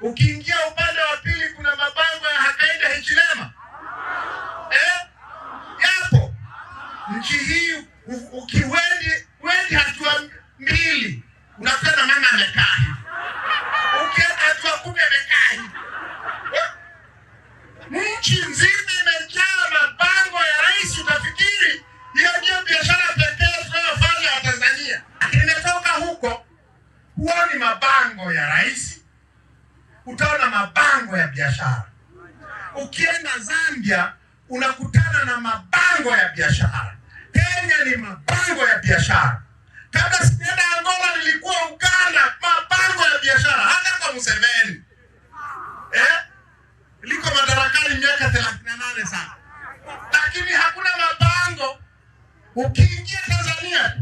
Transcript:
Ukiingia upande wa pili kuna mabango ya Hakainde Hichilema eh? Yapo nchi hii, ukiwendi wendi hatua mbili unakuwa na mama amekaa hivi, ukienda hatua kumi amekaa hivi. Eh? Nchi nzima imejaa mabango ya rais, utafikiri hiyo ndio biashara pekee tunayofanya Watanzania. Imetoka huko, huwa ni mabango ya rais utaona mabango ya biashara. Ukienda Zambia unakutana na mabango ya biashara. Kenya ni mabango ya biashara. Kabla sijaenda Angola, nilikuwa Uganda, mabango ya biashara, hata kwa Museveni eh? Liko madarakani miaka 38 sana, lakini hakuna mabango. Ukiingia Tanzania